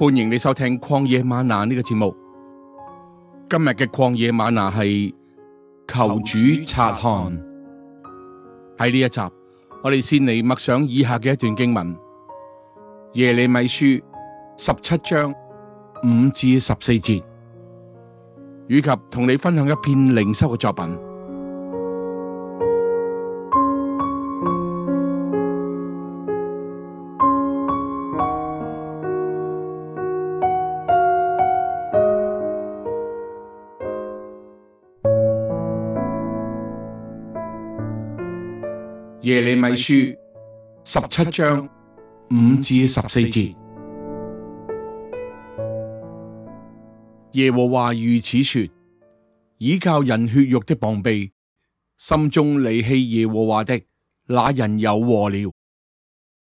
歡迎你收聽曠野嗎哪呢、這個節目。今日嘅曠野嗎哪係求主察看。喺呢一集，我哋先嚟默想以下嘅一段經文：耶利米書十七章五至十四節，以及同你分享一篇靈修嘅作品。耶利米書十七章五至十四節，耶和華如此說：倚靠人血肉的膀臂，心中離棄耶和華的那人有禍了。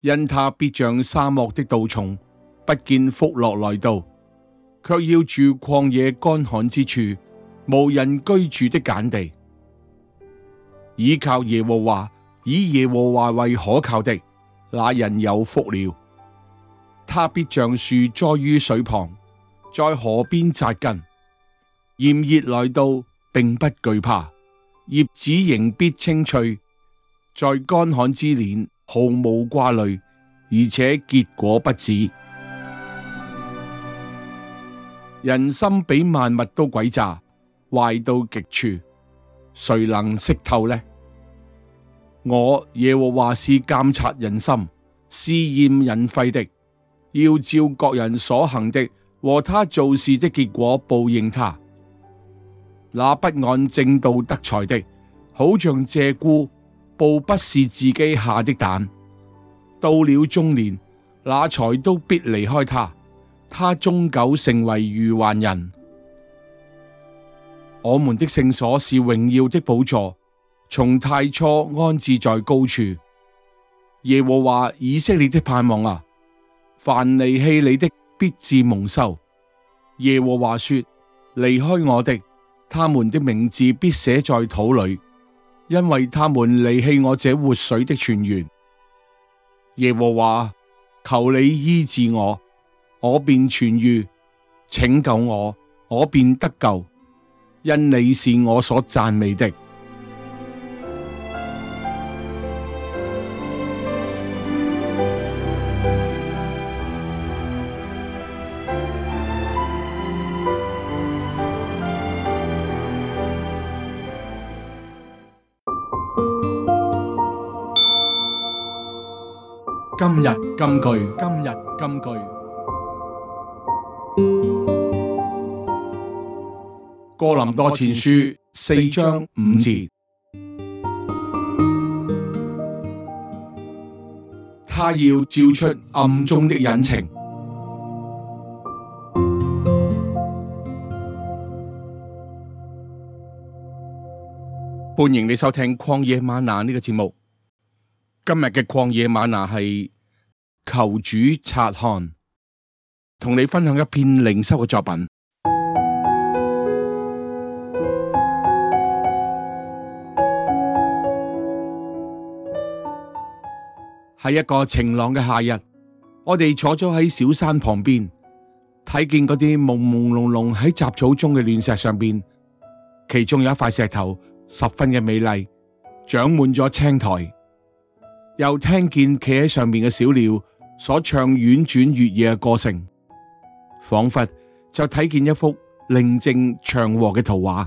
因他必像沙漠的杜松，不見福樂來到，却要住曠野乾旱之處，無人居住的鹼地，倚靠耶和華。以耶和華為可靠的，那人有福了。他必像樹栽於水旁，在河邊扎根。炎熱來到，並不懼怕；葉子仍必青翠。在乾旱之年，毫無掛慮，而且結果不止。人心比萬物都詭詐，壞到極處，誰能識透呢？我耶和華是監察人心，試驗人肺的，要照各人所行的和他做事的結果報應他。那不按正道得財的，好像鷓鴣菢不是自己下的蛋。到了中年，那財都必離開他，他終久成為愚頑人。我們的聖所是榮耀的寶座。從太初安置在高處，耶和華以色列的盼望啊！凡離棄你的必致蒙羞。耶和華說：離開我的，他們的名字必寫在土裏，因為他們離棄我這活水的泉源。耶和華求你醫治我，我便痊愈；拯救我，我便得救，因你是我所讚美的。今日金句，今日金句。哥林多前書，四章五字，他要照出暗中的隱情。歡迎你收聽曠野嗎哪呢個節目。今日嘅曠野晚嗎哪，係求主察看，同你分享一篇靈修嘅作品。喺 一個晴朗嘅夏日，我哋坐咗喺小山旁邊，睇見嗰啲朦朦朧朧喺雜草中嘅亂石上邊，其中有一塊石頭十分嘅美麗，長滿咗青苔。又聽見企喺上面嘅小鳥所唱婉轉悦耳嘅歌聲，仿佛就睇見一幅寧靜祥和嘅圖畫。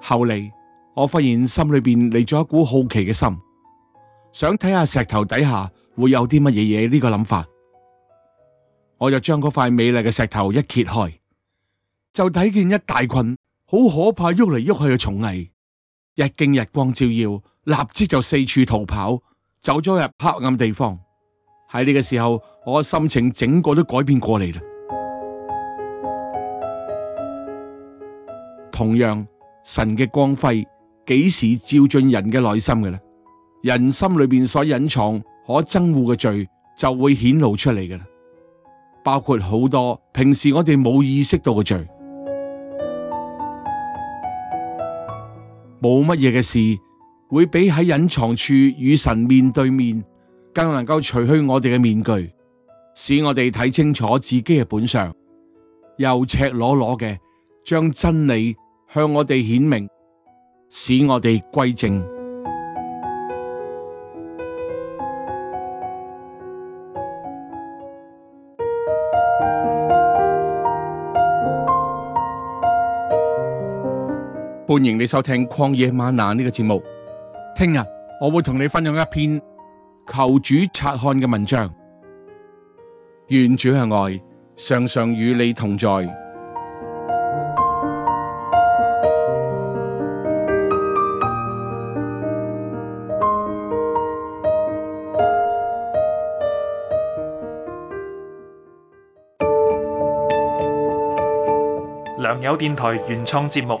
後嚟我發現心裏邊嚟咗一股好奇嘅心，想睇下石頭底下會有啲乜嘢嘢。呢個諗法，我就將嗰塊美麗嘅石頭一揭開，就睇見一大群好可怕喐嚟喐去嘅蟲蟻。一經日光照耀，立即就四處逃跑，走咗入黑暗地方。喺呢個時候，我嘅心情整個都改變過嚟啦。同樣，神嘅光輝幾時照進人嘅內心嘅咧？人心裏面所隱藏可憎惡嘅罪，就會顯露出嚟嘅啦，包括好多平時我哋冇意識到嘅罪。冇乜嘢嘅事，會比喺隱藏處與神面對面，更能夠除去我哋嘅面具，使我哋睇清楚自己嘅本相，又赤裸裸嘅將真理向我哋顯明，使我哋歸正。歡迎你收聽曠野嗎哪呢個節目。聽日我會同你分享一篇求主察看嘅文章。願主嘅愛常常與你同在。良友電台原創節目。